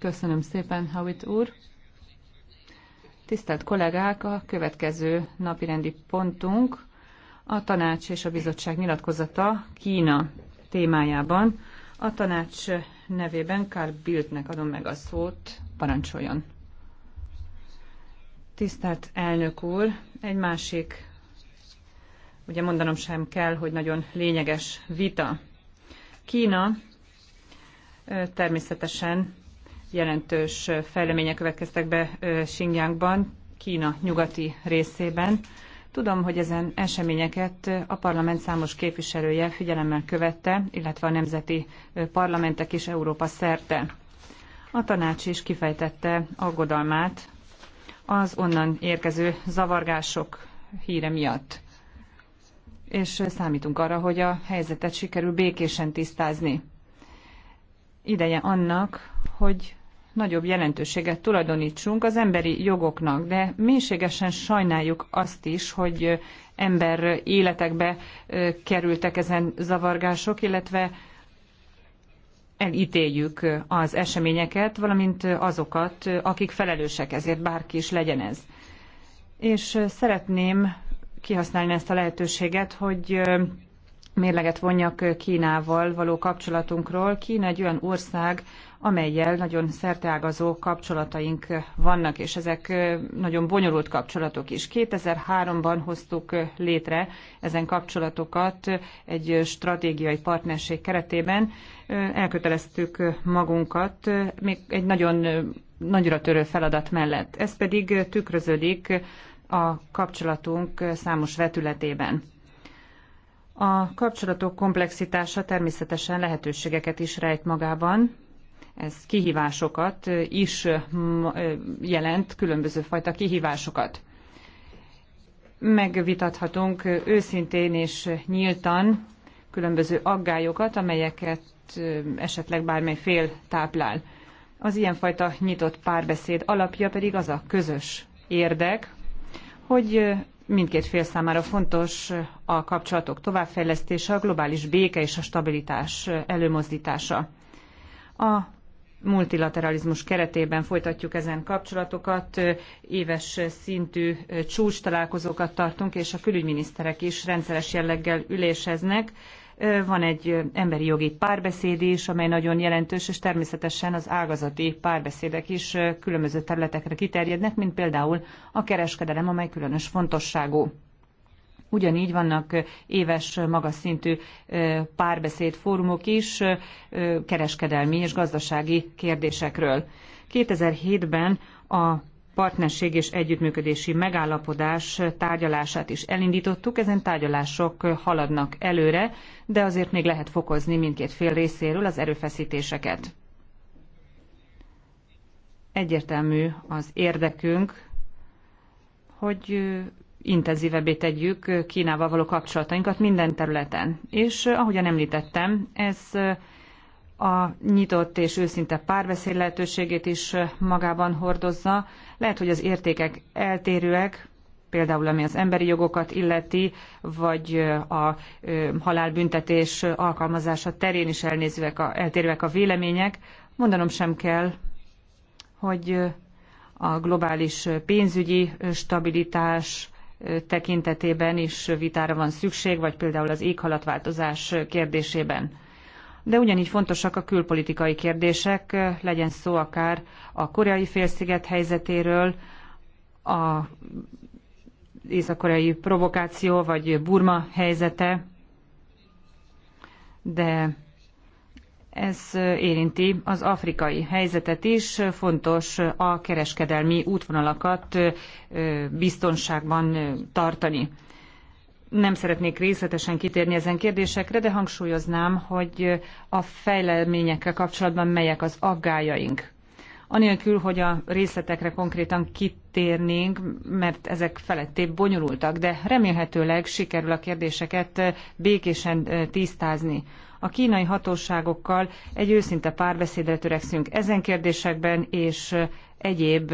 Köszönöm szépen, Hawit úr. Tisztelt kollégák, a következő napirendi pontunk a tanács és a bizottság nyilatkozata Kína témájában. A tanács nevében Carl Bildtnek adom meg a szót, parancsoljon. Tisztelt elnök úr, egy másik, ugye mondanom sem kell, hogy nagyon lényeges vita. Kína természetesen jelentős fejlemények következtek be Xinjiangban, Kína nyugati részében. Tudom, hogy ezen eseményeket a parlament számos képviselője figyelemmel követte, illetve a nemzeti parlamentek is Európa szerte. A tanács is kifejtette aggodalmát az onnan érkező zavargások híre miatt. És számítunk arra, hogy a helyzetet sikerül békésen tisztázni. Ideje annak, hogy nagyobb jelentőséget tulajdonítsunk az emberi jogoknak, de mélységesen sajnáljuk azt is, hogy ember életekbe kerültek ezen zavargások, illetve elítéljük az eseményeket, valamint azokat, akik felelősek ezért, bárki is legyen ez. És szeretném kihasználni ezt a lehetőséget, hogy mérleget vonjak Kínával való kapcsolatunkról. Kína egy olyan ország, amelyel nagyon szerteágazó kapcsolataink vannak, és ezek nagyon bonyolult kapcsolatok is. 2003-ban hoztuk létre ezen kapcsolatokat egy stratégiai partnerség keretében. Elköteleztük magunkat még egy nagyon nagyra törő feladat mellett. Ez pedig tükröződik a kapcsolatunk számos vetületében. A kapcsolatok komplexitása természetesen lehetőségeket is rejt magában, ez kihívásokat is jelent, különböző fajta kihívásokat. Megvitathatunk őszintén és nyíltan különböző aggályokat, amelyeket esetleg bármely fél táplál. Az ilyenfajta nyitott párbeszéd alapja pedig az a közös érdek, hogy Mindkét fél számára fontos a kapcsolatok továbbfejlesztése, a globális béke és a stabilitás előmozdítása. A multilateralizmus keretében folytatjuk ezen kapcsolatokat, éves szintű csúcs találkozókat tartunk, és a külügyminiszterek is rendszeres jelleggel üléseznek van egy emberi jogi párbeszéd is, amely nagyon jelentős, és természetesen az ágazati párbeszédek is különböző területekre kiterjednek, mint például a kereskedelem, amely különös fontosságú. Ugyanígy vannak éves magas szintű párbeszéd fórumok is kereskedelmi és gazdasági kérdésekről. 2007-ben a partnerség és együttműködési megállapodás tárgyalását is elindítottuk. Ezen tárgyalások haladnak előre, de azért még lehet fokozni mindkét fél részéről az erőfeszítéseket. Egyértelmű az érdekünk, hogy intenzívebbé tegyük Kínával való kapcsolatainkat minden területen. És ahogyan említettem, ez a nyitott és őszinte párbeszéd lehetőségét is magában hordozza. Lehet, hogy az értékek eltérőek, például ami az emberi jogokat illeti, vagy a halálbüntetés alkalmazása terén is elnézőek a, eltérőek a vélemények. Mondanom sem kell, hogy a globális pénzügyi stabilitás tekintetében is vitára van szükség, vagy például az éghalatváltozás kérdésében de ugyanígy fontosak a külpolitikai kérdések, legyen szó akár a koreai félsziget helyzetéről, a észak-koreai provokáció vagy Burma helyzete, de ez érinti az afrikai helyzetet is, fontos a kereskedelmi útvonalakat biztonságban tartani. Nem szeretnék részletesen kitérni ezen kérdésekre, de hangsúlyoznám, hogy a fejleményekkel kapcsolatban melyek az aggájaink. Anélkül, hogy a részletekre konkrétan kitérnénk, mert ezek felettébb bonyolultak, de remélhetőleg sikerül a kérdéseket békésen tisztázni. A kínai hatóságokkal egy őszinte párbeszédre törekszünk ezen kérdésekben, és egyéb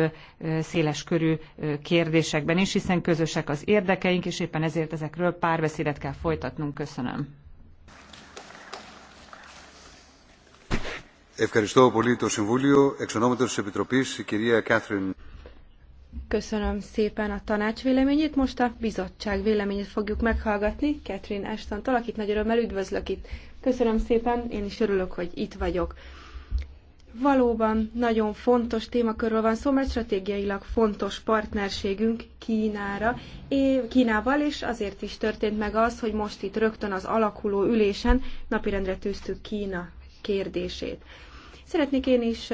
széleskörű kérdésekben is, hiszen közösek az érdekeink, és éppen ezért ezekről párbeszédet kell folytatnunk. Köszönöm. Köszönöm szépen a tanács véleményét. Most a bizottság véleményét fogjuk meghallgatni Catherine Ashton-tól, akit nagy örömmel üdvözlök itt. Köszönöm szépen, én is örülök, hogy itt vagyok. Valóban nagyon fontos témakörről van szó, mert stratégiailag fontos partnerségünk Kínára, Kínával, és azért is történt meg az, hogy most itt rögtön az alakuló ülésen napirendre tűztük Kína kérdését. Szeretnék én is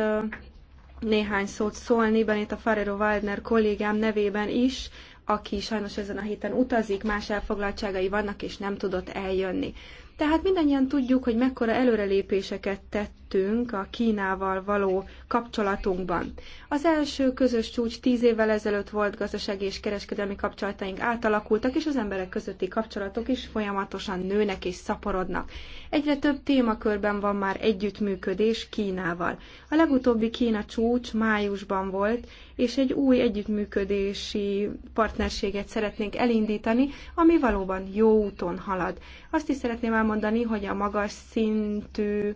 néhány szót szólni, Benita Farero Waldner kollégám nevében is, aki sajnos ezen a héten utazik, más elfoglaltságai vannak, és nem tudott eljönni. Tehát mindannyian tudjuk, hogy mekkora előrelépéseket tettünk a Kínával való kapcsolatunkban. Az első közös csúcs tíz évvel ezelőtt volt, gazdasági és kereskedelmi kapcsolataink átalakultak, és az emberek közötti kapcsolatok is folyamatosan nőnek és szaporodnak. Egyre több témakörben van már együttműködés Kínával. A legutóbbi Kína csúcs májusban volt, és egy új együttműködési partnerséget szeretnénk elindítani, ami valóban jó úton halad. Azt is szeretném elmondani, hogy a magas szintű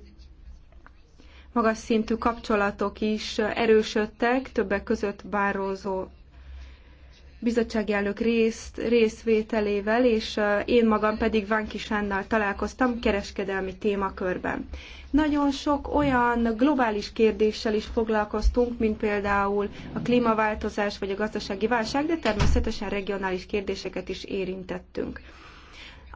magas szintű kapcsolatok is erősödtek, többek között Bározó bizottsági elnök részt, részvételével, és én magam pedig Vánki Sánnal találkoztam kereskedelmi témakörben. Nagyon sok olyan globális kérdéssel is foglalkoztunk, mint például a klímaváltozás vagy a gazdasági válság, de természetesen regionális kérdéseket is érintettünk.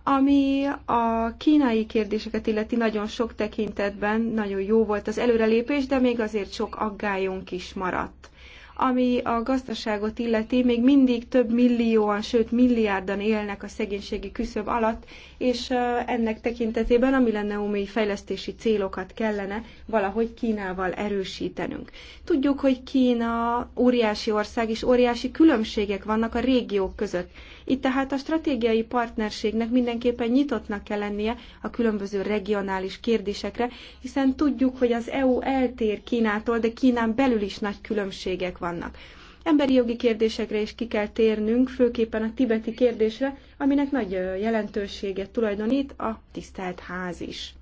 Ami a kínai kérdéseket illeti nagyon sok tekintetben nagyon jó volt az előrelépés, de még azért sok aggályunk is maradt. Ami a gazdaságot illeti, még mindig több millióan, sőt milliárdan élnek a szegénységi küszöb alatt, és ennek tekintetében a millenniumi fejlesztési célokat kellene valahogy Kínával erősítenünk. Tudjuk, hogy Kína óriási ország, és óriási különbségek vannak a régiók között itt tehát a stratégiai partnerségnek mindenképpen nyitottnak kell lennie a különböző regionális kérdésekre, hiszen tudjuk, hogy az EU eltér Kínától, de Kínán belül is nagy különbségek vannak. Emberi jogi kérdésekre is ki kell térnünk, főképpen a tibeti kérdésre, aminek nagy jelentőséget tulajdonít a tisztelt ház is.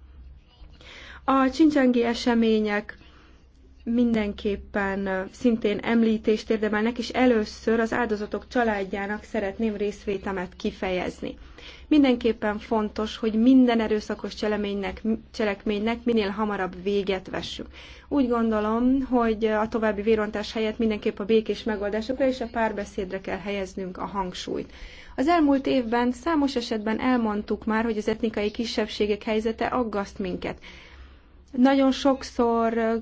A csincsengi események mindenképpen szintén említést érdemelnek, és először az áldozatok családjának szeretném részvétemet kifejezni. Mindenképpen fontos, hogy minden erőszakos cselekménynek, cselekménynek minél hamarabb véget vessünk. Úgy gondolom, hogy a további vérontás helyett mindenképp a békés megoldásokra és a párbeszédre kell helyeznünk a hangsúlyt. Az elmúlt évben számos esetben elmondtuk már, hogy az etnikai kisebbségek helyzete aggaszt minket. Nagyon sokszor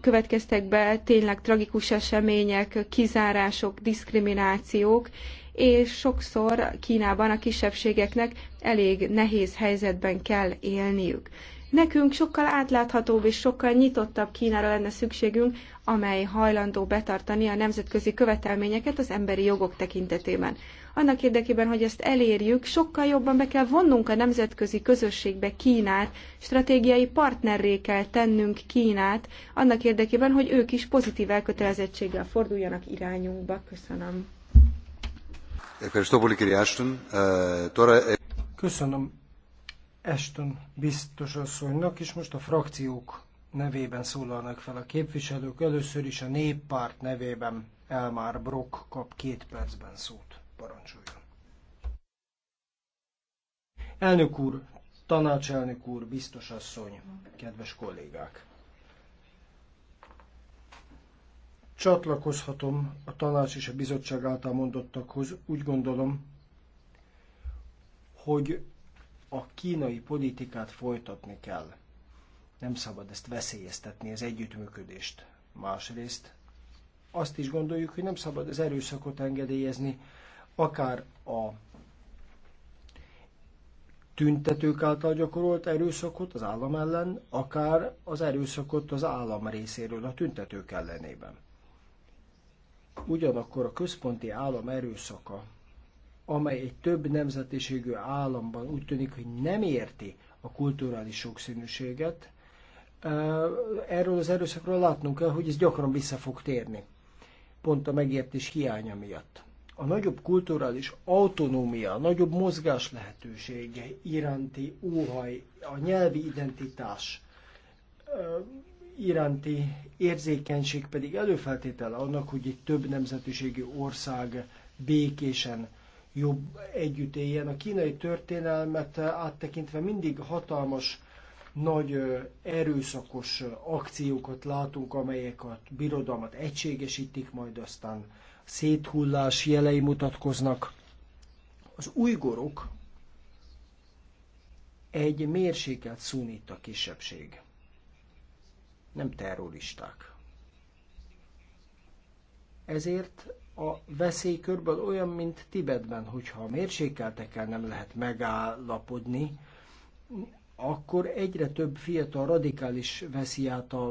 következtek be tényleg tragikus események, kizárások, diszkriminációk, és sokszor Kínában a kisebbségeknek elég nehéz helyzetben kell élniük. Nekünk sokkal átláthatóbb és sokkal nyitottabb Kínára lenne szükségünk, amely hajlandó betartani a nemzetközi követelményeket az emberi jogok tekintetében. Annak érdekében, hogy ezt elérjük, sokkal jobban be kell vonnunk a nemzetközi közösségbe Kínát, stratégiai partnerré kell tennünk Kínát, annak érdekében, hogy ők is pozitív elkötelezettséggel forduljanak irányunkba. Köszönöm. Köszönöm Eston biztos asszonynak, és most a frakciók nevében szólalnak fel a képviselők. Először is a néppárt nevében elmar Brock kap két percben szót. Parancsoljon. Elnök úr, tanácselnök úr, biztos asszony, kedves kollégák! Csatlakozhatom a tanács és a bizottság által mondottakhoz. Úgy gondolom, hogy a kínai politikát folytatni kell. Nem szabad ezt veszélyeztetni, az együttműködést. Másrészt azt is gondoljuk, hogy nem szabad az erőszakot engedélyezni, akár a tüntetők által gyakorolt erőszakot az állam ellen, akár az erőszakot az állam részéről a tüntetők ellenében. Ugyanakkor a központi állam erőszaka, amely egy több nemzetiségű államban úgy tűnik, hogy nem érti a kulturális sokszínűséget, erről az erőszakról látnunk kell, hogy ez gyakran vissza fog térni, pont a megértés hiánya miatt a nagyobb kulturális autonómia, a nagyobb mozgás lehetősége iránti óhaj, a nyelvi identitás iránti érzékenység pedig előfeltétele annak, hogy egy több nemzetiségi ország békésen jobb együtt éljen. A kínai történelmet áttekintve mindig hatalmas, nagy erőszakos akciókat látunk, amelyek a birodalmat egységesítik, majd aztán széthullás jelei mutatkoznak. Az ujgorok egy mérsékelt szunita kisebbség. Nem terroristák. Ezért a veszély körből olyan, mint Tibetben, hogyha a mérsékeltekkel nem lehet megállapodni, akkor egyre több fiatal radikális veszi át a,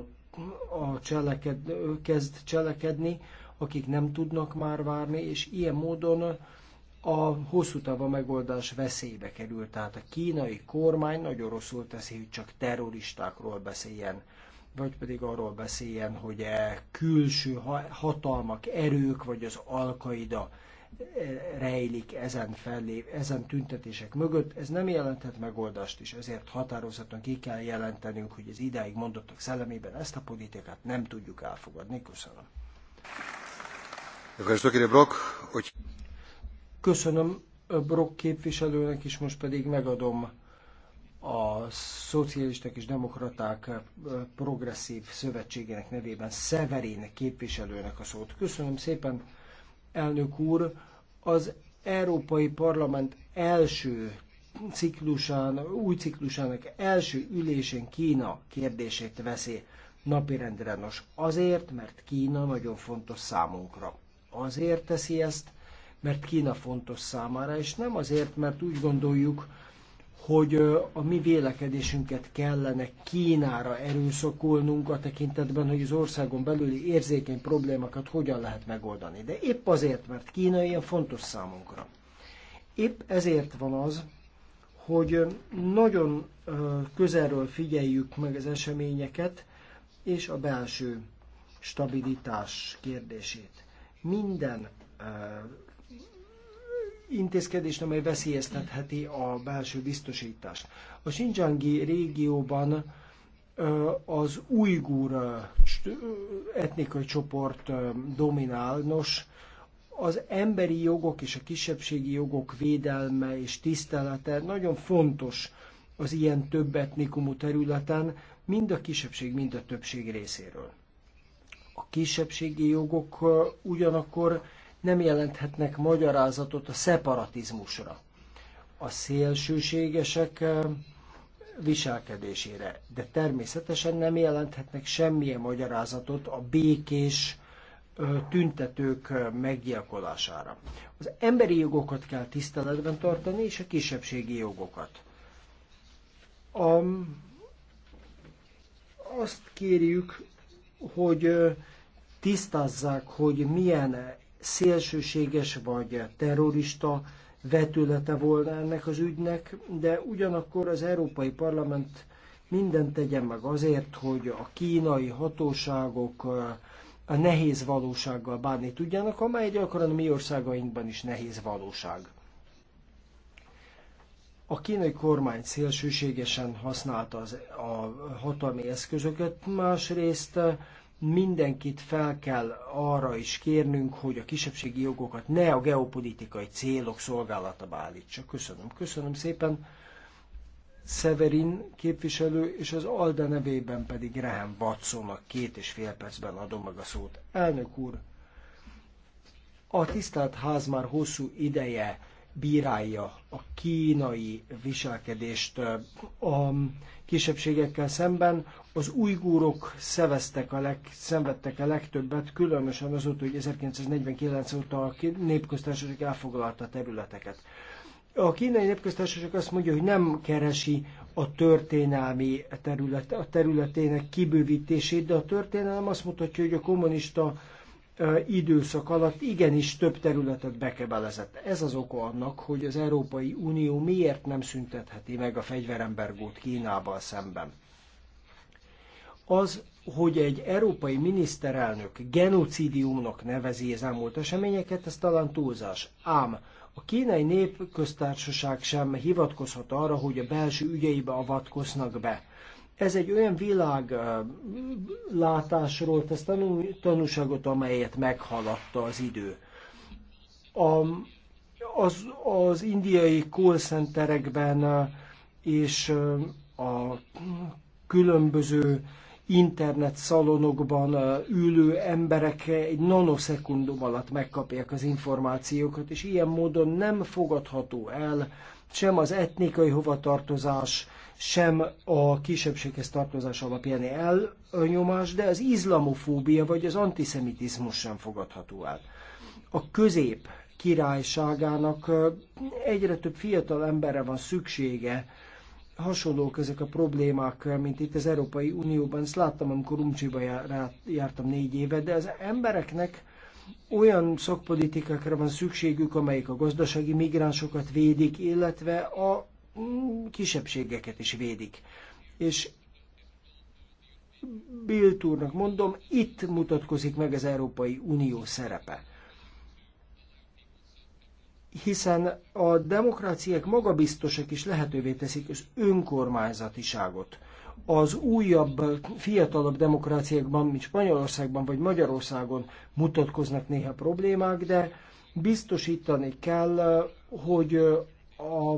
a cseleked, kezd cselekedni, akik nem tudnak már várni, és ilyen módon a hosszú távú megoldás veszélybe került. Tehát a kínai kormány nagyon rosszul teszi, hogy csak terroristákról beszéljen, vagy pedig arról beszéljen, hogy e külső hatalmak, erők, vagy az alkaida e, rejlik ezen, felé, ezen tüntetések mögött. Ez nem jelenthet megoldást, és ezért határozottan ki kell jelentenünk, hogy az idáig mondottak szellemében ezt a politikát nem tudjuk elfogadni. Köszönöm. Köszönöm Brock képviselőnek is, most pedig megadom a szocialisták és demokraták eh, progresszív szövetségének nevében Severin képviselőnek a szót. Köszönöm szépen, elnök úr! Az Európai Parlament első ciklusán, új ciklusának első ülésén Kína kérdését veszi napirendre. Nos, azért, mert Kína nagyon fontos számunkra azért teszi ezt, mert Kína fontos számára, és nem azért, mert úgy gondoljuk, hogy a mi vélekedésünket kellene Kínára erőszakolnunk a tekintetben, hogy az országon belüli érzékeny problémákat hogyan lehet megoldani. De épp azért, mert Kína ilyen fontos számunkra. Épp ezért van az, hogy nagyon közelről figyeljük meg az eseményeket és a belső stabilitás kérdését. Minden intézkedést, amely veszélyeztetheti a belső biztosítást. A Xinjiangi régióban az ujgur etnikai csoport dominál. Nos, az emberi jogok és a kisebbségi jogok védelme és tisztelete nagyon fontos az ilyen több etnikumú területen, mind a kisebbség, mind a többség részéről a kisebbségi jogok ugyanakkor nem jelenthetnek magyarázatot a szeparatizmusra, a szélsőségesek viselkedésére, de természetesen nem jelenthetnek semmilyen magyarázatot a békés tüntetők meggyilkolására. Az emberi jogokat kell tiszteletben tartani, és a kisebbségi jogokat. A, azt kérjük, hogy tisztázzák, hogy milyen szélsőséges vagy terrorista vetülete volna ennek az ügynek, de ugyanakkor az Európai Parlament mindent tegyen meg azért, hogy a kínai hatóságok a nehéz valósággal bánni tudjanak, amely gyakran a mi országainkban is nehéz valóság. A kínai kormány szélsőségesen használta az, a hatalmi eszközöket, másrészt mindenkit fel kell arra is kérnünk, hogy a kisebbségi jogokat ne a geopolitikai célok szolgálatába állítsa. Köszönöm. Köszönöm szépen. Severin képviselő, és az Alda nevében pedig Graham Watsonnak két és fél percben adom meg a szót. Elnök úr, a tisztelt ház már hosszú ideje bírálja a kínai viselkedést a kisebbségekkel szemben. Az ujgúrok szeveztek a leg, szenvedtek a legtöbbet, különösen azóta, hogy 1949 óta a népköztársaság elfoglalta területeket. A kínai népköztársaság azt mondja, hogy nem keresi a történelmi terület, a területének kibővítését, de a történelem azt mutatja, hogy a kommunista időszak alatt igenis több területet bekebelezett. Ez az oka annak, hogy az Európai Unió miért nem szüntetheti meg a fegyverembergót Kínával szemben. Az, hogy egy európai miniszterelnök genocidiumnak nevezi az elmúlt eseményeket, ez talán túlzás. Ám a kínai népköztársaság sem hivatkozhat arra, hogy a belső ügyeibe avatkoznak be ez egy olyan világlátásról tesz tanúságot, amelyet meghaladta az idő. A, az, az indiai call centerekben és a különböző internet szalonokban ülő emberek egy nanoszekundum alatt megkapják az információkat, és ilyen módon nem fogadható el sem az etnikai hovatartozás, sem a kisebbséghez tartozás alapján elnyomás, de az izlamofóbia vagy az antiszemitizmus sem fogadható el. A közép királyságának egyre több fiatal emberre van szüksége, hasonlók ezek a problémák, mint itt az Európai Unióban. Ezt láttam, amikor Umcsiba jártam négy éve, de az embereknek olyan szakpolitikákra van szükségük, amelyik a gazdasági migránsokat védik, illetve a mm, kisebbségeket is védik. És Bilt úrnak mondom, itt mutatkozik meg az Európai Unió szerepe. Hiszen a demokráciák magabiztosak is lehetővé teszik az önkormányzatiságot az újabb, fiatalabb demokráciákban, mint Spanyolországban vagy Magyarországon mutatkoznak néha problémák, de biztosítani kell, hogy a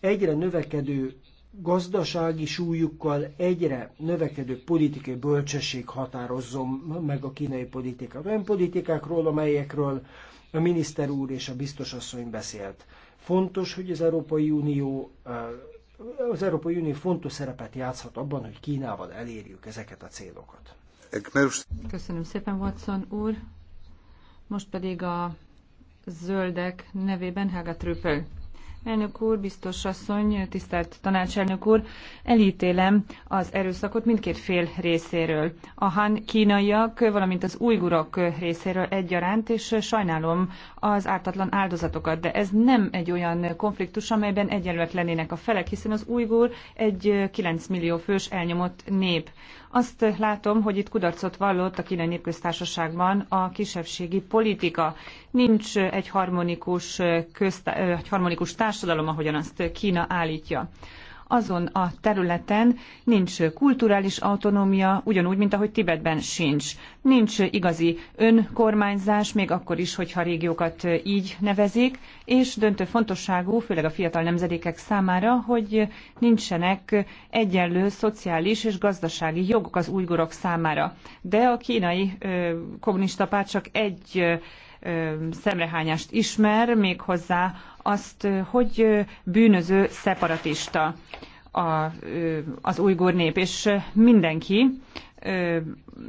egyre növekedő gazdasági súlyukkal egyre növekedő politikai bölcsesség határozzon meg a kínai politikát. Olyan politikákról, amelyekről a miniszter úr és a biztosasszony beszélt. Fontos, hogy az Európai Unió az Európai Unió fontos szerepet játszhat abban, hogy Kínával elérjük ezeket a célokat. Köszönöm szépen, Watson úr. Most pedig a zöldek nevében Helga Trüppel Elnök úr, biztos asszony, tisztelt tanácselnök úr, elítélem az erőszakot mindkét fél részéről. A han kínaiak, valamint az ujgurok részéről egyaránt, és sajnálom az ártatlan áldozatokat, de ez nem egy olyan konfliktus, amelyben egyenlőek lennének a felek, hiszen az ujgur egy 9 millió fős elnyomott nép. Azt látom, hogy itt kudarcot vallott a kínai népköztársaságban a kisebbségi politika. Nincs egy harmonikus, közt, egy harmonikus társadalom, ahogyan azt Kína állítja azon a területen nincs kulturális autonómia, ugyanúgy, mint ahogy Tibetben sincs. Nincs igazi önkormányzás, még akkor is, hogyha régiókat így nevezik, és döntő fontosságú, főleg a fiatal nemzedékek számára, hogy nincsenek egyenlő szociális és gazdasági jogok az újgorok számára. De a kínai ö, kommunista párt csak egy ö, szemrehányást ismer, méghozzá azt, hogy bűnöző szeparatista a, az ujgur nép, és mindenki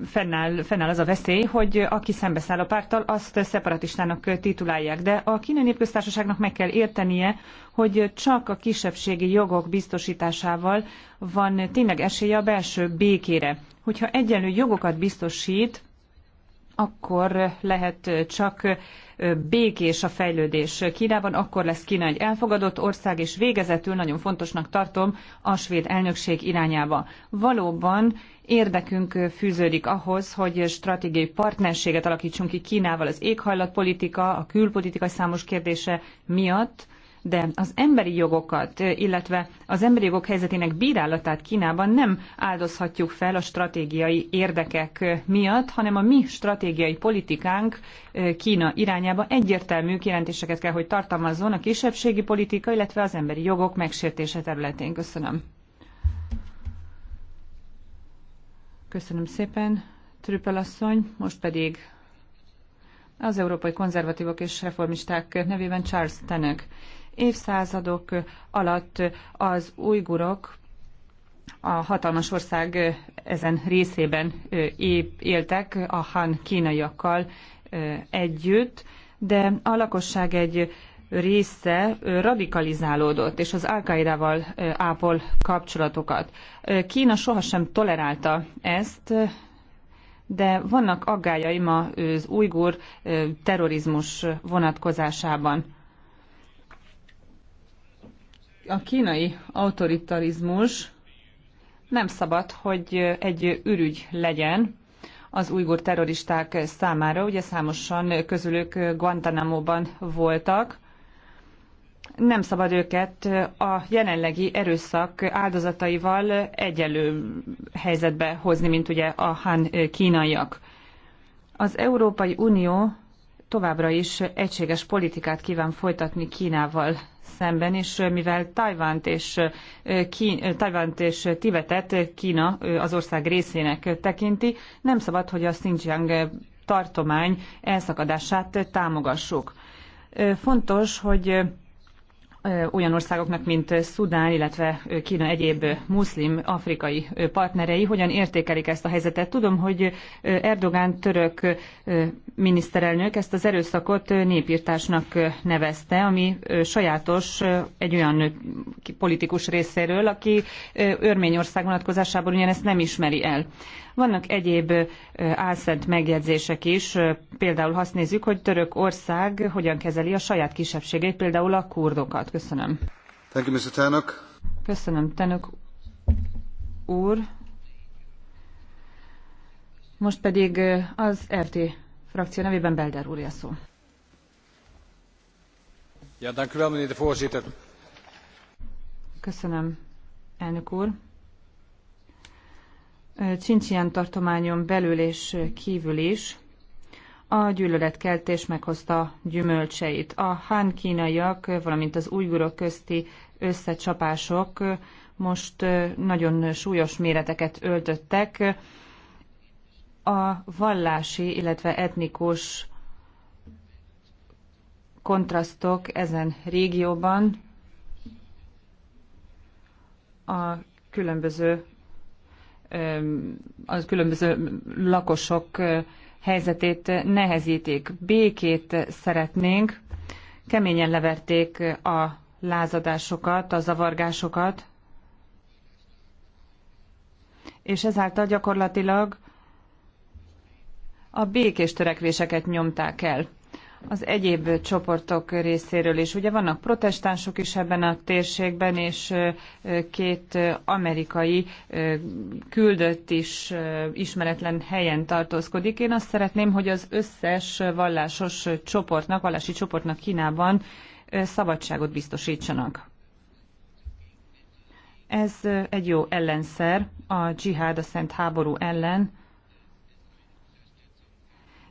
fennáll, fennáll az a veszély, hogy aki szembeszáll a párttal, azt szeparatistának titulálják. De a kínai népköztársaságnak meg kell értenie, hogy csak a kisebbségi jogok biztosításával van tényleg esélye a belső békére. Hogyha egyenlő jogokat biztosít, akkor lehet csak békés a fejlődés Kínában, akkor lesz Kína egy elfogadott ország, és végezetül nagyon fontosnak tartom a svéd elnökség irányába. Valóban érdekünk fűződik ahhoz, hogy stratégiai partnerséget alakítsunk ki Kínával az éghajlatpolitika, a külpolitika számos kérdése miatt, de az emberi jogokat, illetve az emberi jogok helyzetének bírálatát Kínában nem áldozhatjuk fel a stratégiai érdekek miatt, hanem a mi stratégiai politikánk Kína irányába egyértelmű kijelentéseket kell, hogy tartalmazzon a kisebbségi politika, illetve az emberi jogok megsértése területén. Köszönöm. Köszönöm szépen, Trüppel asszony. Most pedig az Európai Konzervatívok és Reformisták nevében Charles Tenek évszázadok alatt az újgurok a hatalmas ország ezen részében éltek a Han kínaiakkal együtt, de a lakosság egy része radikalizálódott, és az al ápol kapcsolatokat. Kína sohasem tolerálta ezt, de vannak aggájaim az újgur terrorizmus vonatkozásában a kínai autoritarizmus nem szabad, hogy egy ürügy legyen az ujgur terroristák számára. Ugye számosan közülük Guantanamo-ban voltak. Nem szabad őket a jelenlegi erőszak áldozataival egyelő helyzetbe hozni, mint ugye a han kínaiak. Az Európai Unió továbbra is egységes politikát kíván folytatni Kínával szemben, és mivel Tajvánt és, Kín, Tajvánt és Tibetet Kína az ország részének tekinti, nem szabad, hogy a Xinjiang tartomány elszakadását támogassuk. Fontos, hogy olyan országoknak, mint Szudán, illetve Kína egyéb muszlim afrikai partnerei hogyan értékelik ezt a helyzetet. Tudom, hogy Erdogán török miniszterelnök ezt az erőszakot népírtásnak nevezte, ami sajátos egy olyan politikus részéről, aki Örményország vonatkozásában ugyanezt nem ismeri el. Vannak egyéb álszent megjegyzések is, például azt nézzük, hogy Törökország hogyan kezeli a saját kisebbségét, például a kurdokat. Köszönöm. Thank you, Mr. Tanok. Köszönöm, Tanuk. úr. Most pedig az RT frakció nevében Belder úr a szó. Ja, dank u wel, meneer de voorzitter. Köszönöm, elnök úr. Csincsián tartományon belül és kívül is a gyűlöletkeltés meghozta gyümölcseit. A Han kínaiak, valamint az ujgurok közti összecsapások most nagyon súlyos méreteket öltöttek. A vallási, illetve etnikus kontrasztok ezen régióban a különböző az különböző lakosok helyzetét nehezítik. Békét szeretnénk. Keményen leverték a lázadásokat, a zavargásokat, és ezáltal gyakorlatilag a békés törekvéseket nyomták el az egyéb csoportok részéről is. Ugye vannak protestánsok is ebben a térségben, és két amerikai küldött is ismeretlen helyen tartózkodik. Én azt szeretném, hogy az összes vallásos csoportnak, vallási csoportnak Kínában szabadságot biztosítsanak. Ez egy jó ellenszer a dzsihád, a szent háború ellen,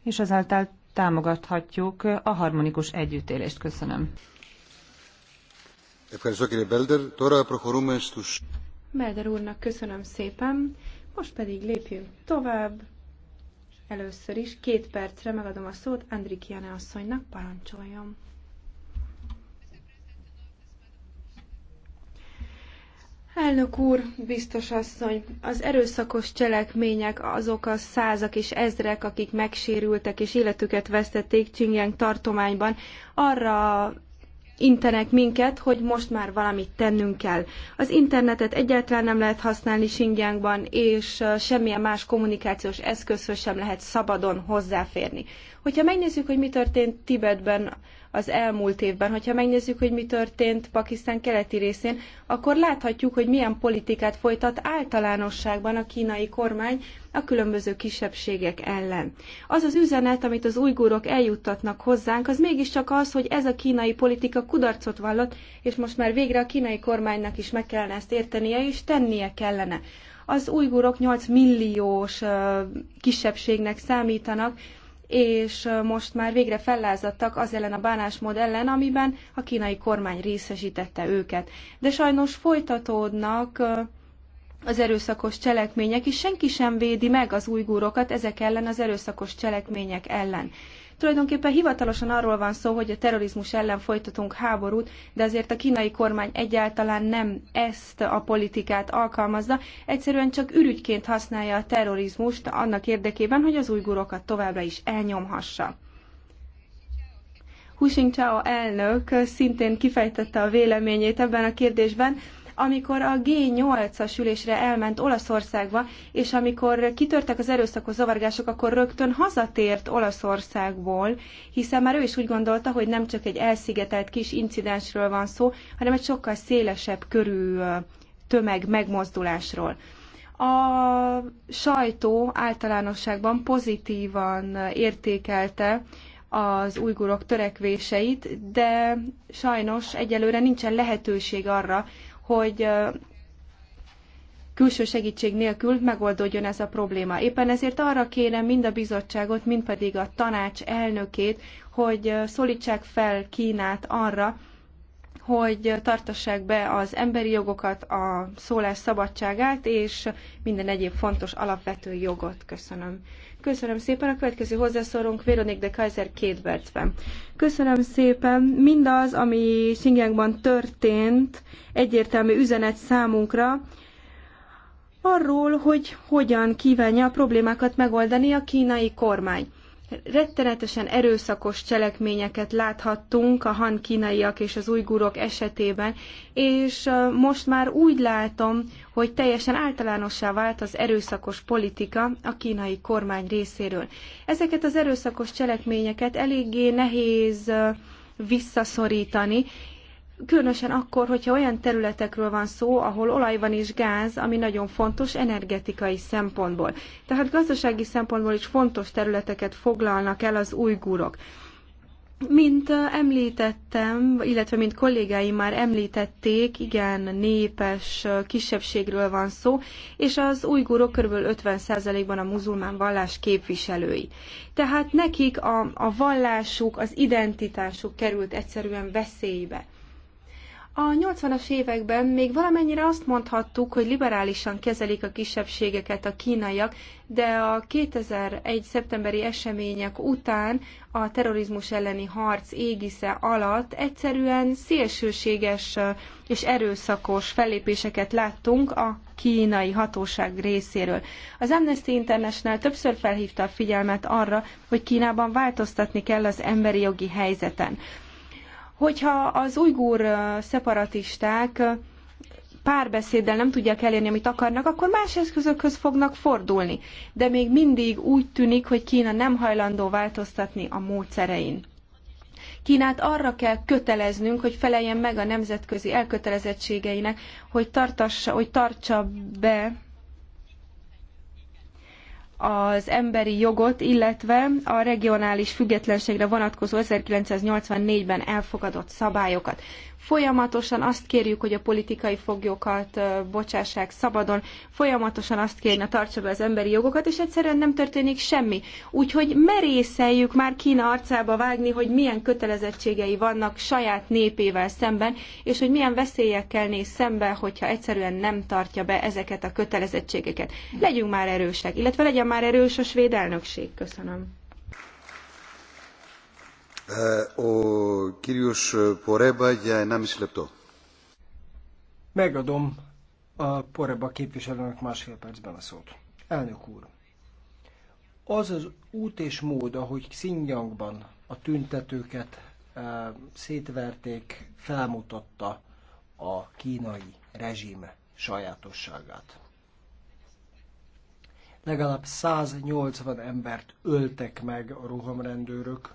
és azáltal támogathatjuk a harmonikus együttélést. Köszönöm. Belder úrnak köszönöm szépen. Most pedig lépjünk tovább. Először is két percre megadom a szót Andrikiane asszonynak, parancsoljon. Elnök úr, biztos asszony, az erőszakos cselekmények azok a százak és ezrek, akik megsérültek és életüket vesztették Csingyen tartományban, arra intenek minket, hogy most már valamit tennünk kell. Az internetet egyáltalán nem lehet használni Xinjiangban, és semmilyen más kommunikációs eszközhöz sem lehet szabadon hozzáférni. Hogyha megnézzük, hogy mi történt Tibetben az elmúlt évben, hogyha megnézzük, hogy mi történt Pakisztán keleti részén, akkor láthatjuk, hogy milyen politikát folytat általánosságban a kínai kormány, a különböző kisebbségek ellen. Az az üzenet, amit az ujgurok eljuttatnak hozzánk, az mégiscsak az, hogy ez a kínai politika kudarcot vallott, és most már végre a kínai kormánynak is meg kellene ezt értenie, és tennie kellene. Az ujgurok 8 milliós kisebbségnek számítanak, és most már végre fellázadtak az ellen a bánásmód ellen, amiben a kínai kormány részesítette őket. De sajnos folytatódnak az erőszakos cselekmények, és senki sem védi meg az ujgurokat ezek ellen az erőszakos cselekmények ellen. Tulajdonképpen hivatalosan arról van szó, hogy a terrorizmus ellen folytatunk háborút, de azért a kínai kormány egyáltalán nem ezt a politikát alkalmazza, egyszerűen csak ürügyként használja a terrorizmust annak érdekében, hogy az ujgurokat továbbra is elnyomhassa. Hu Jintao elnök szintén kifejtette a véleményét ebben a kérdésben, amikor a G8-as ülésre elment Olaszországba, és amikor kitörtek az erőszakos zavargások, akkor rögtön hazatért Olaszországból, hiszen már ő is úgy gondolta, hogy nem csak egy elszigetelt kis incidensről van szó, hanem egy sokkal szélesebb körű tömeg megmozdulásról a sajtó általánosságban pozitívan értékelte az ujgurok törekvéseit, de sajnos egyelőre nincsen lehetőség arra, hogy külső segítség nélkül megoldódjon ez a probléma. Éppen ezért arra kérem mind a bizottságot, mind pedig a tanács elnökét, hogy szólítsák fel Kínát arra, hogy tartassák be az emberi jogokat, a szólás szabadságát és minden egyéb fontos alapvető jogot. Köszönöm. Köszönöm szépen. A következő hozzászólónk Véronik de Kaiser két percben. Köszönöm szépen. Mindaz, ami Xinjiangban történt, egyértelmű üzenet számunkra, arról, hogy hogyan kívánja a problémákat megoldani a kínai kormány. Rettenetesen erőszakos cselekményeket láthattunk a han kínaiak és az ujgurok esetében, és most már úgy látom, hogy teljesen általánossá vált az erőszakos politika a kínai kormány részéről. Ezeket az erőszakos cselekményeket eléggé nehéz visszaszorítani, különösen akkor, hogyha olyan területekről van szó, ahol olaj van és gáz, ami nagyon fontos energetikai szempontból. Tehát gazdasági szempontból is fontos területeket foglalnak el az újgurok. Mint említettem, illetve mint kollégáim már említették, igen, népes kisebbségről van szó, és az ujgurok kb. 50%-ban a muzulmán vallás képviselői. Tehát nekik a, a vallásuk, az identitásuk került egyszerűen veszélybe. A 80-as években még valamennyire azt mondhattuk, hogy liberálisan kezelik a kisebbségeket a kínaiak, de a 2001. szeptemberi események után a terrorizmus elleni harc égisze alatt egyszerűen szélsőséges és erőszakos fellépéseket láttunk a kínai hatóság részéről. Az Amnesty International többször felhívta a figyelmet arra, hogy Kínában változtatni kell az emberi jogi helyzeten. Hogyha az ujgur szeparatisták párbeszéddel nem tudják elérni, amit akarnak, akkor más eszközökhöz fognak fordulni. De még mindig úgy tűnik, hogy Kína nem hajlandó változtatni a módszerein. Kínát arra kell köteleznünk, hogy feleljen meg a nemzetközi elkötelezettségeinek, hogy, tartassa, hogy tartsa be az emberi jogot, illetve a regionális függetlenségre vonatkozó 1984-ben elfogadott szabályokat folyamatosan azt kérjük, hogy a politikai foglyokat bocsássák szabadon, folyamatosan azt hogy tartsa be az emberi jogokat, és egyszerűen nem történik semmi. Úgyhogy merészeljük már Kína arcába vágni, hogy milyen kötelezettségei vannak saját népével szemben, és hogy milyen veszélyekkel néz szembe, hogyha egyszerűen nem tartja be ezeket a kötelezettségeket. Legyünk már erősek, illetve legyen már erős a svéd elnökség. Köszönöm. Eh, Megadom a Poreba képviselőnek másfél percben a szót. Elnök úr, az az út és mód, ahogy Xinjiangban a tüntetőket e, szétverték, felmutatta a kínai rezsim sajátosságát. Legalább 180 embert öltek meg a rohamrendőrök,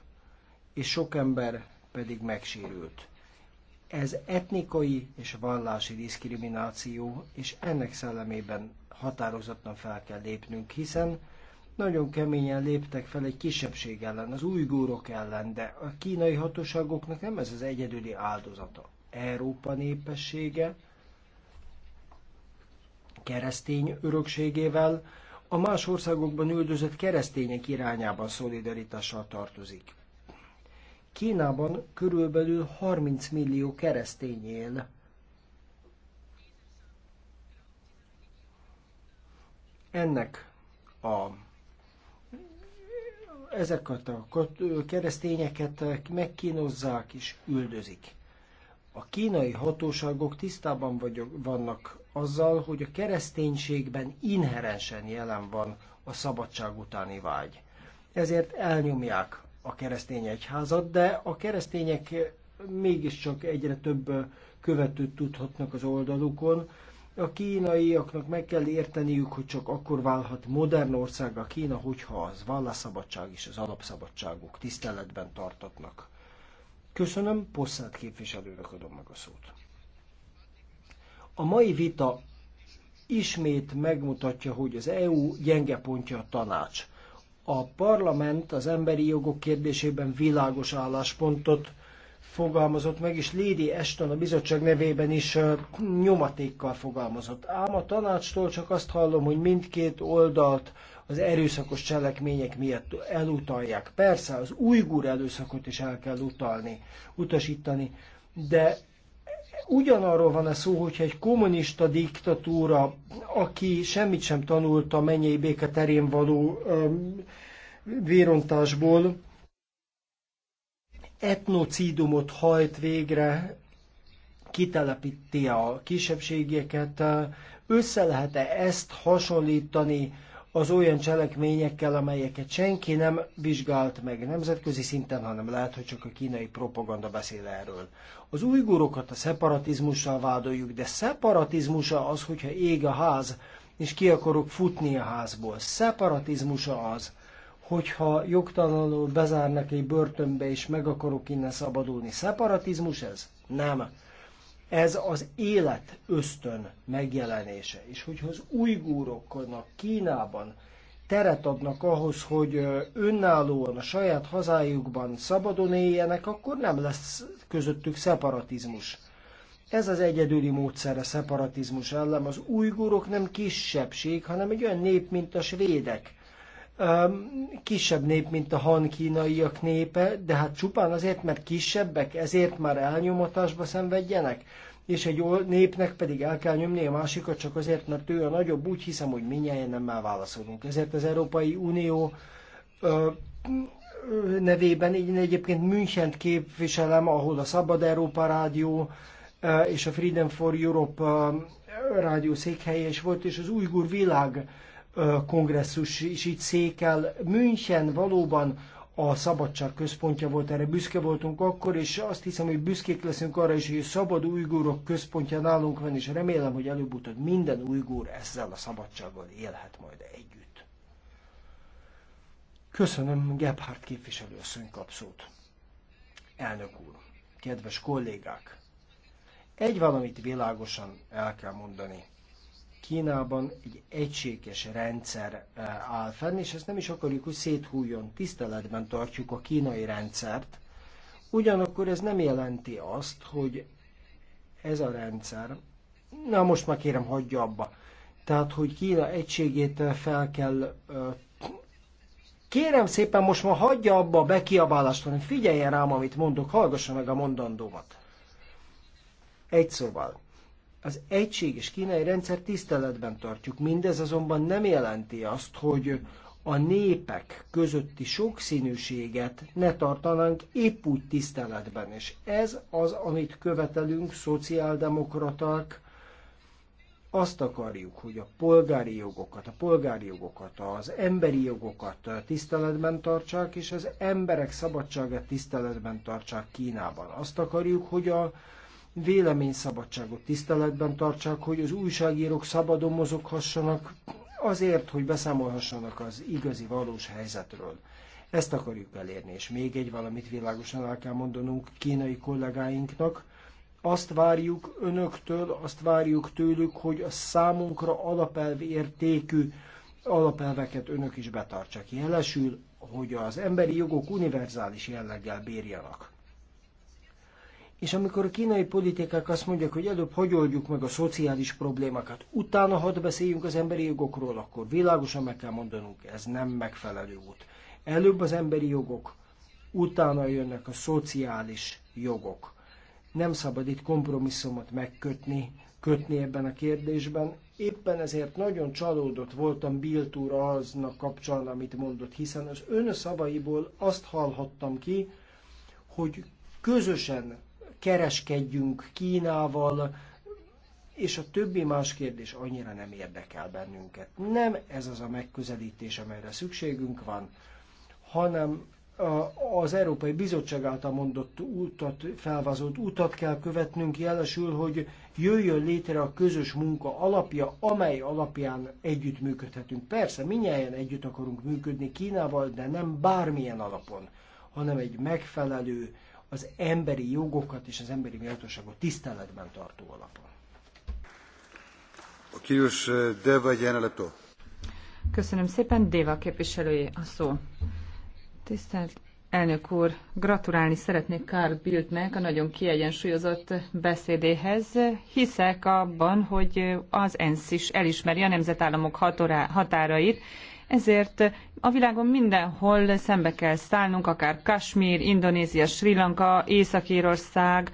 és sok ember pedig megsérült. Ez etnikai és vallási diszkrimináció, és ennek szellemében határozottan fel kell lépnünk, hiszen nagyon keményen léptek fel egy kisebbség ellen, az újgórok ellen, de a kínai hatóságoknak nem ez az egyedüli áldozata. Európa népessége keresztény örökségével a más országokban üldözött keresztények irányában szolidaritással tartozik. Kínában körülbelül 30 millió keresztény él. Ennek a ezeket a keresztényeket megkínozzák és üldözik. A kínai hatóságok tisztában vagyok, vannak azzal, hogy a kereszténységben inherensen jelen van a szabadság utáni vágy. Ezért elnyomják a keresztény egyházat, de a keresztények mégiscsak egyre több követőt tudhatnak az oldalukon. A kínaiaknak meg kell érteniük, hogy csak akkor válhat modern ország a Kína, hogyha az vallásszabadság és az alapszabadságok tiszteletben tartatnak. Köszönöm, Posszát képviselőnek adom meg a szót. A mai vita ismét megmutatja, hogy az EU gyenge pontja a tanács. A parlament az emberi jogok kérdésében világos álláspontot fogalmazott meg, és Lady Ashton a bizottság nevében is nyomatékkal fogalmazott. Ám a tanácstól csak azt hallom, hogy mindkét oldalt az erőszakos cselekmények miatt elutalják. Persze az újgur előszakot is el kell utalni, utasítani, de ugyanarról van a szó, hogyha egy kommunista diktatúra, aki semmit sem tanult a mennyei béke terén való um, vérontásból, etnocidumot hajt végre, kitelepíti a kisebbségeket, össze lehet-e ezt hasonlítani az olyan cselekményekkel, amelyeket senki nem vizsgált meg nemzetközi szinten, hanem lehet, hogy csak a kínai propaganda beszél erről. Az ujgurokat a szeparatizmussal vádoljuk, de szeparatizmusa az, hogyha ég a ház, és ki akarok futni a házból. Szeparatizmusa az, hogyha jogtalanul bezárnak egy börtönbe, és meg akarok innen szabadulni. Szeparatizmus ez? Nem. Ez az élet ösztön megjelenése. És hogyha az ujgúroknak Kínában teret adnak ahhoz, hogy önállóan a saját hazájukban szabadon éljenek, akkor nem lesz közöttük szeparatizmus. Ez az egyedüli módszer a szeparatizmus ellen. Az ujgurok nem kisebbség, hanem egy olyan nép, mint a svédek, kisebb nép, mint a han kínaiak népe, de hát csupán azért, mert kisebbek, ezért már elnyomatásba szenvedjenek, és egy népnek pedig el kell nyomni a másikat csak azért, mert ő a nagyobb, úgy hiszem, hogy minnyáján nem már válaszolunk. Ezért az Európai Unió ö, nevében, én egyébként Münchent képviselem, ahol a Szabad Európa Rádió ö, és a Freedom for Europe ö, rádió székhelye is volt, és az újgur világ kongresszus is itt székel. München valóban a szabadság központja volt, erre büszke voltunk akkor, és azt hiszem, hogy büszkék leszünk arra is, hogy a szabad ujgúrok központja nálunk van, és remélem, hogy előbb-utóbb minden ujgúr ezzel a szabadsággal élhet majd együtt. Köszönöm, Gebhardt képviselő asszony kapszót. Elnök úr, kedves kollégák! Egy valamit világosan el kell mondani. Kínában egy egységes rendszer eh, áll fenn, és ezt nem is akarjuk, hogy széthújjon. Tiszteletben tartjuk a kínai rendszert, ugyanakkor ez nem jelenti azt, hogy ez a rendszer, na most már kérem, hagyja abba, tehát, hogy Kína egységét eh, fel kell eh, Kérem szépen, most már hagyja abba a bekiabálást, hanem figyeljen rám, amit mondok, hallgassa meg a mondandómat. Egy szóval, az egységes kínai rendszer tiszteletben tartjuk. Mindez azonban nem jelenti azt, hogy a népek közötti sokszínűséget ne tartanánk épp úgy tiszteletben. És ez az, amit követelünk, szociáldemokraták, azt akarjuk, hogy a polgári jogokat, a polgári jogokat, az emberi jogokat tiszteletben tartsák, és az emberek szabadságát tiszteletben tartsák Kínában. Azt akarjuk, hogy a véleményszabadságot tiszteletben tartsák, hogy az újságírók szabadon mozoghassanak azért, hogy beszámolhassanak az igazi, valós helyzetről. Ezt akarjuk elérni, és még egy valamit világosan el kell mondanunk kínai kollégáinknak. Azt várjuk önöktől, azt várjuk tőlük, hogy a számunkra alapelv értékű alapelveket önök is betartsák. Jelesül, hogy az emberi jogok univerzális jelleggel bírjanak. És amikor a kínai politikák azt mondják, hogy előbb hogy oldjuk meg a szociális problémákat, utána hadd beszéljünk az emberi jogokról, akkor világosan meg kell mondanunk, ez nem megfelelő út. Előbb az emberi jogok, utána jönnek a szociális jogok. Nem szabad itt kompromisszumot megkötni, kötni ebben a kérdésben. Éppen ezért nagyon csalódott voltam Bilt úr aznak kapcsán, amit mondott, hiszen az ön szavaiból azt hallhattam ki, hogy közösen kereskedjünk Kínával, és a többi más kérdés annyira nem érdekel bennünket. Nem ez az a megközelítés, amelyre szükségünk van, hanem az Európai Bizottság által mondott útat, felvázolt útat kell követnünk, jelesül, hogy jöjjön létre a közös munka alapja, amely alapján együttműködhetünk. Persze, minnyáján együtt akarunk működni Kínával, de nem bármilyen alapon, hanem egy megfelelő az emberi jogokat és az emberi méltóságot tiszteletben tartó alapon. A kíros eh, Deva Jenelepto. Köszönöm szépen, Déva képviselői a szó. Tisztelt elnök úr, gratulálni szeretnék Carl Bildnek a nagyon kiegyensúlyozott beszédéhez. Hiszek abban, hogy az ENSZ is elismeri a nemzetállamok határait, ezért a világon mindenhol szembe kell szállnunk, akár Kasmír, Indonézia, Sri Lanka, Észak-Írország,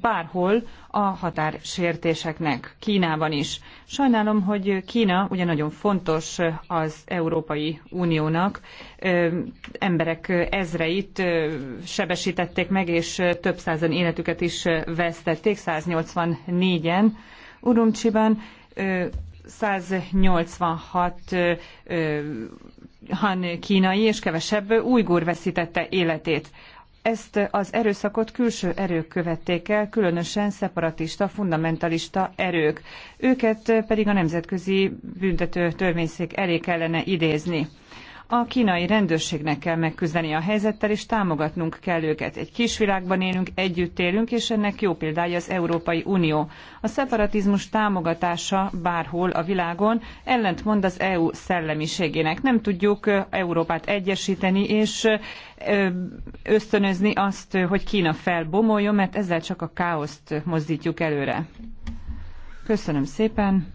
bárhol a határsértéseknek, Kínában is. Sajnálom, hogy Kína ugye nagyon fontos az Európai Uniónak. Emberek ezreit sebesítették meg, és több százan életüket is vesztették, 184-en Urumcsiban 186 han kínai és kevesebb újgur veszítette életét. Ezt az erőszakot külső erők követték el, különösen szeparatista, fundamentalista erők. Őket pedig a Nemzetközi Büntető Törvényszék elé kellene idézni. A kínai rendőrségnek kell megküzdeni a helyzettel, és támogatnunk kell őket. Egy kis világban élünk, együtt élünk, és ennek jó példája az Európai Unió. A szeparatizmus támogatása bárhol a világon ellentmond az EU szellemiségének. Nem tudjuk Európát egyesíteni, és ösztönözni azt, hogy Kína felbomoljon, mert ezzel csak a káoszt mozdítjuk előre. Köszönöm szépen!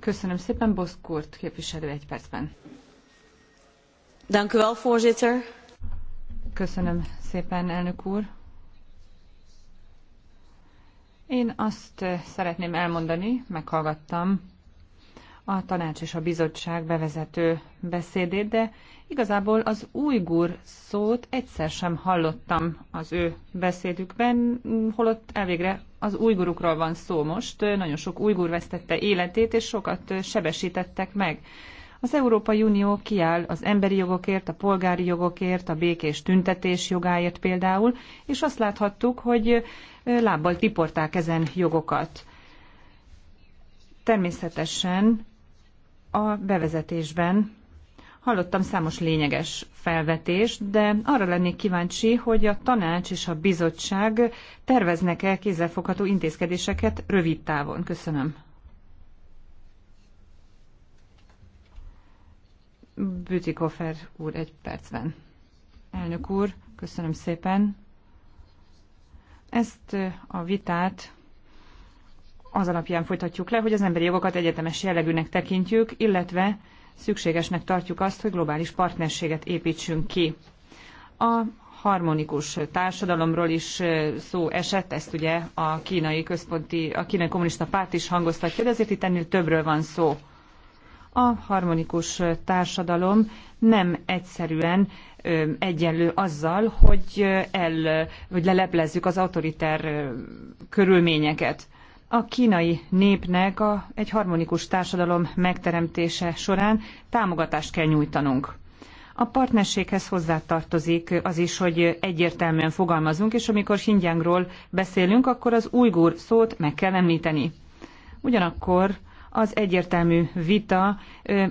Köszönöm szépen, Boszkurt képviselő egy percben. Dank u wel, voorzitter. Köszönöm szépen, elnök úr. Én azt eh, szeretném elmondani, meghallgattam a tanács és a bizottság bevezető beszédét, de Igazából az újgur szót egyszer sem hallottam az ő beszédükben, holott elvégre az újgurukról van szó most. Nagyon sok újgur vesztette életét, és sokat sebesítettek meg. Az Európai Unió kiáll az emberi jogokért, a polgári jogokért, a békés tüntetés jogáért például, és azt láthattuk, hogy lábbal tiporták ezen jogokat. Természetesen a bevezetésben Hallottam számos lényeges felvetést, de arra lennék kíváncsi, hogy a tanács és a bizottság terveznek-e kézzelfogható intézkedéseket rövid távon. Köszönöm. Bütikofer úr, egy percben. Elnök úr, köszönöm szépen. Ezt a vitát az alapján folytatjuk le, hogy az emberi jogokat egyetemes jellegűnek tekintjük, illetve szükségesnek tartjuk azt, hogy globális partnerséget építsünk ki. A harmonikus társadalomról is szó esett, ezt ugye a kínai központi, a kínai kommunista párt is hangoztatja, de azért itt ennél többről van szó. A harmonikus társadalom nem egyszerűen egyenlő azzal, hogy, el, hogy leleplezzük az autoriter körülményeket a kínai népnek a, egy harmonikus társadalom megteremtése során támogatást kell nyújtanunk. A partnerséghez hozzátartozik az is, hogy egyértelműen fogalmazunk, és amikor Xinjiangról beszélünk, akkor az ujgur szót meg kell említeni. Ugyanakkor az egyértelmű vita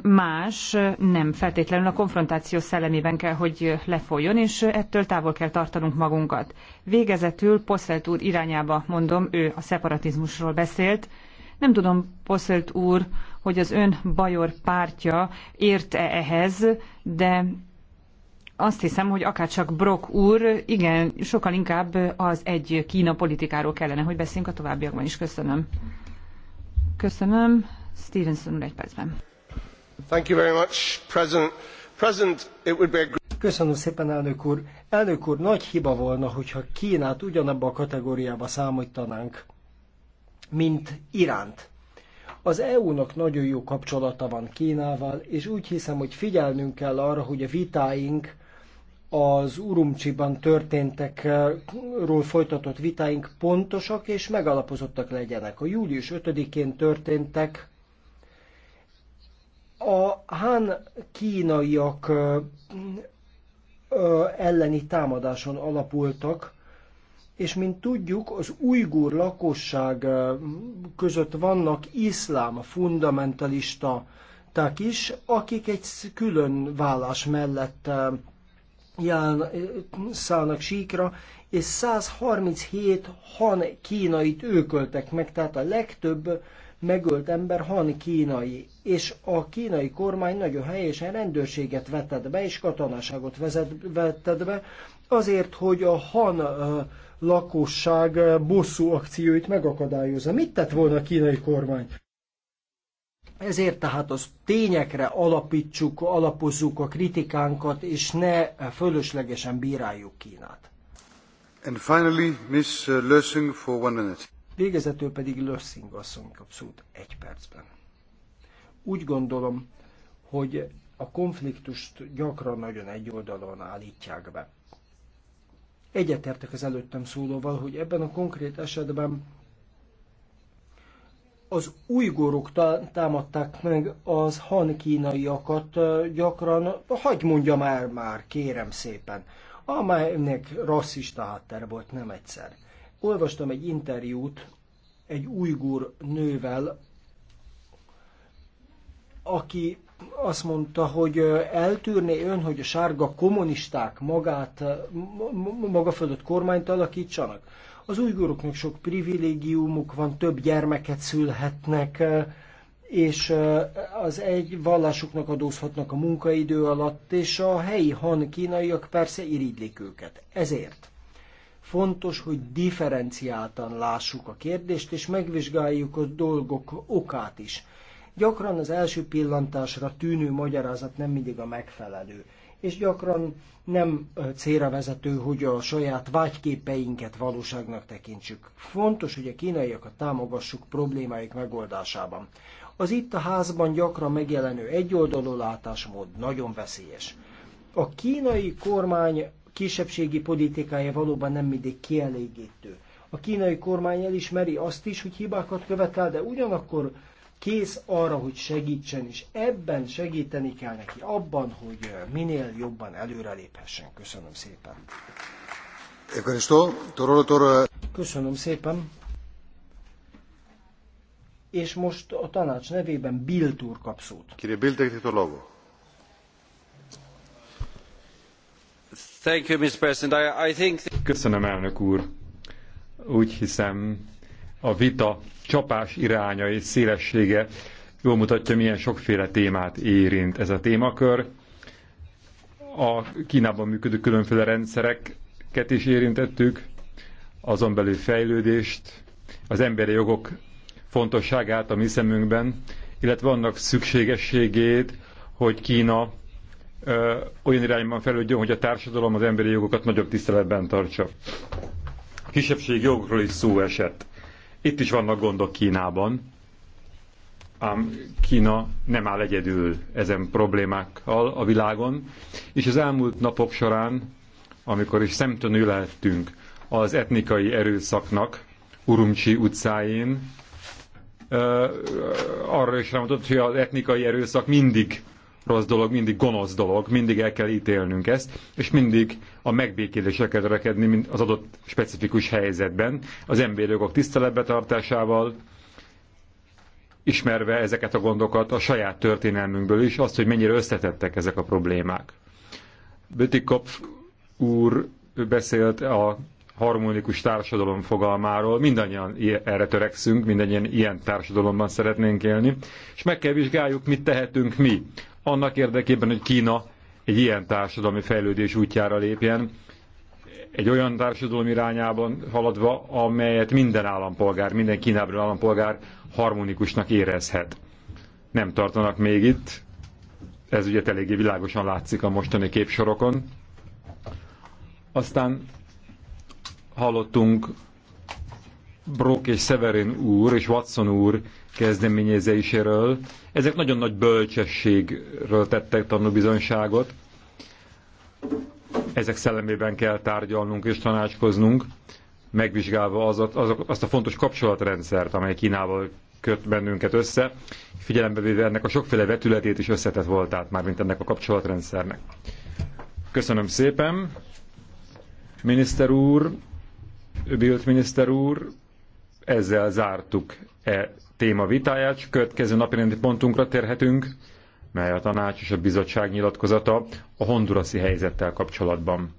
más, nem feltétlenül a konfrontáció szellemében kell, hogy lefolyjon, és ettől távol kell tartanunk magunkat. Végezetül Poszelt úr irányába mondom, ő a szeparatizmusról beszélt. Nem tudom, Poszelt úr, hogy az ön bajor pártja érte ehhez, de azt hiszem, hogy akár csak Brock úr, igen, sokkal inkább az egy Kína politikáról kellene, hogy beszéljünk a továbbiakban is. Köszönöm. Köszönöm. Stevenson úr egy percben. Thank you very much, President. President, it would be a... Köszönöm szépen, elnök úr. Elnök úr, nagy hiba volna, hogyha Kínát ugyanabba a kategóriába számítanánk, mint Iránt. Az EU-nak nagyon jó kapcsolata van Kínával, és úgy hiszem, hogy figyelnünk kell arra, hogy a vitáink az Urumcsiban történtekről folytatott vitáink pontosak és megalapozottak legyenek. A július 5-én történtek a hán kínaiak elleni támadáson alapultak, és mint tudjuk, az ujgur lakosság között vannak iszlám fundamentalista is, akik egy külön vállás mellett jár, szállnak síkra, és 137 han kínait őköltek meg, tehát a legtöbb megölt ember han kínai, és a kínai kormány nagyon helyesen rendőrséget vetett be, és katonaságot vetett be, azért, hogy a han lakosság bosszú akcióit megakadályozza. Mit tett volna a kínai kormány? Ezért tehát az tényekre alapítsuk, alapozzuk a kritikánkat, és ne fölöslegesen bíráljuk Kínát. And finally, Miss for one minute. Végezetül pedig Lössing asszony kap egy percben. Úgy gondolom, hogy a konfliktust gyakran nagyon egy oldalon állítják be. Egyetértek az előttem szólóval, hogy ebben a konkrét esetben az újgorok támadták meg az han kínaiakat gyakran, hagyd mondja már, már, kérem szépen, amelynek rasszista háttere volt nem egyszer. Olvastam egy interjút egy újgur nővel, aki azt mondta, hogy eltűrné ön, hogy a sárga kommunisták magát, maga fölött kormányt alakítsanak. Az újgóroknak sok privilégiumuk van, több gyermeket szülhetnek, és az egy vallásuknak adózhatnak a munkaidő alatt, és a helyi han kínaiak persze irigylik őket. Ezért fontos, hogy differenciáltan lássuk a kérdést, és megvizsgáljuk a dolgok okát is. Gyakran az első pillantásra tűnő magyarázat nem mindig a megfelelő és gyakran nem célra vezető, hogy a saját vágyképeinket valóságnak tekintsük. Fontos, hogy a kínaiakat támogassuk problémáik megoldásában. Az itt a házban gyakran megjelenő egyoldalú látásmód nagyon veszélyes. A kínai kormány kisebbségi politikája valóban nem mindig kielégítő. A kínai kormány elismeri azt is, hogy hibákat követel, de ugyanakkor kész arra, hogy segítsen, és ebben segíteni kell neki, abban, hogy minél jobban előreléphessen. Köszönöm szépen. Köszönöm szépen. És most a tanács nevében Bill Túr kap szót. Kire Bill, Thank you, Mr. President. I, I think... Köszönöm, elnök úr. Úgy hiszem, a vita csapás iránya és szélessége jól mutatja, milyen sokféle témát érint ez a témakör. A Kínában működő különféle rendszereket is érintettük, azon belül fejlődést, az emberi jogok fontosságát a mi szemünkben, illetve annak szükségességét, hogy Kína ö, olyan irányban fejlődjön, hogy a társadalom az emberi jogokat nagyobb tiszteletben tartsa. A kisebbség jogokról is szó esett. Itt is vannak gondok Kínában, ám Kína nem áll egyedül ezen problémákkal a világon, és az elmúlt napok során, amikor is szemtönül lehettünk az etnikai erőszaknak Urumcsi utcáin, arra is rámutott, hogy az etnikai erőszak mindig rossz dolog, mindig gonosz dolog, mindig el kell ítélnünk ezt, és mindig a megbékélésre kell törekedni az adott specifikus helyzetben, az emberi jogok tiszteletbe tartásával, ismerve ezeket a gondokat a saját történelmünkből is, azt, hogy mennyire összetettek ezek a problémák. Bütikopf úr beszélt a harmonikus társadalom fogalmáról, mindannyian erre törekszünk, mindannyian ilyen társadalomban szeretnénk élni, és meg kell vizsgáljuk, mit tehetünk mi annak érdekében, hogy Kína egy ilyen társadalmi fejlődés útjára lépjen, egy olyan társadalom irányában haladva, amelyet minden állampolgár, minden kínából állampolgár harmonikusnak érezhet. Nem tartanak még itt, ez ugye eléggé világosan látszik a mostani képsorokon. Aztán hallottunk Brock és Severin úr és Watson úr kezdeményezéséről. Ezek nagyon nagy bölcsességről tettek tanúbizonyságot. Ezek szellemében kell tárgyalnunk és tanácskoznunk, megvizsgálva az, az, azt a fontos kapcsolatrendszert, amely Kínával köt bennünket össze, figyelembe véve ennek a sokféle vetületét is összetett voltát, mint ennek a kapcsolatrendszernek. Köszönöm szépen, miniszter úr, Bilt miniszter úr, ezzel zártuk e téma vitáját, és következő napirendi pontunkra térhetünk, mely a tanács és a bizottság nyilatkozata a hondurasi helyzettel kapcsolatban.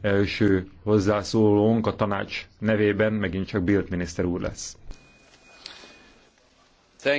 Első hozzászólónk a tanács nevében megint csak Bilt miniszter úr lesz.